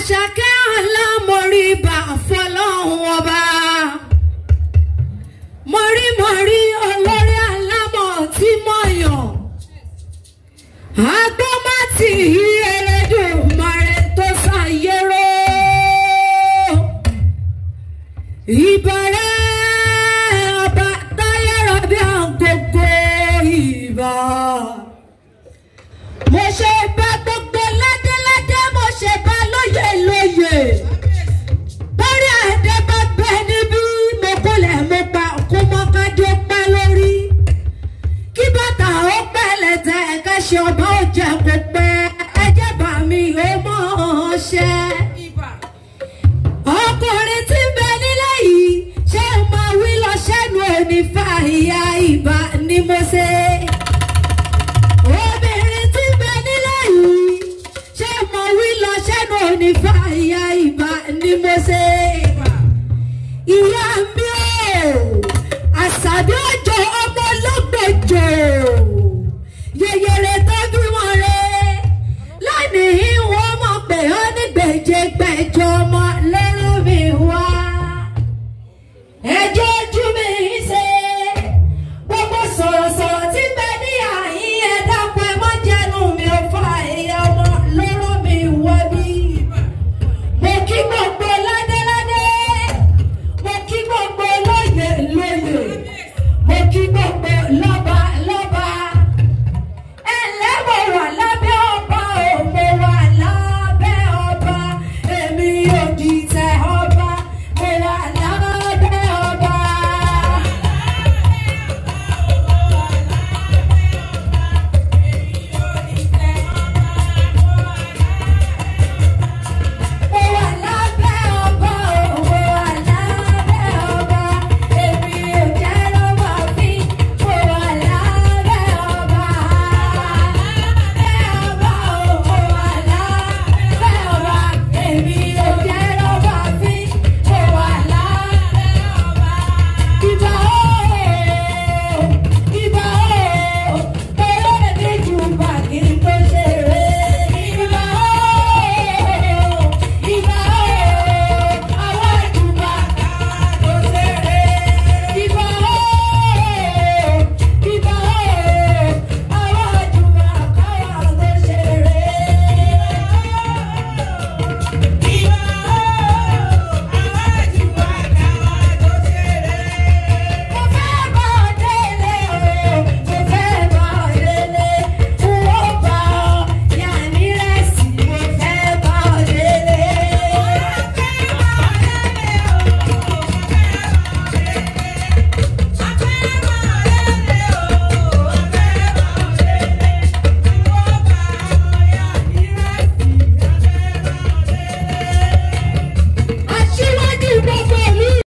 àṣàkẹ́ alámọ̀rí bá fọlọ́hún ọba mọ̀rímọ̀rí olórí alámọ̀ tí mọ̀yàn agbọ́mátì yí erédùn mọ̀rẹ́ tó ṣàyẹ̀rọ ìbọ̀rẹ́ ọba táyẹ̀rọ bí àgógó ìbà mo ṣe bá. ìfà ìyá ìbá ni mo ṣe. obìnrin tí bẹ nílẹ̀ yìí ṣé mo wí lọ ṣẹ́nu onífà ìyá ìbá ni mo ṣe. ìyá mi ò àṣàbí ọjọ́ ọmọ lọ́gbẹ̀jọ yẹyẹrẹ tó bí wọn rẹ lónìí wọn mọ̀ pé ó ní gbẹ̀jẹ̀gbẹ̀jọ.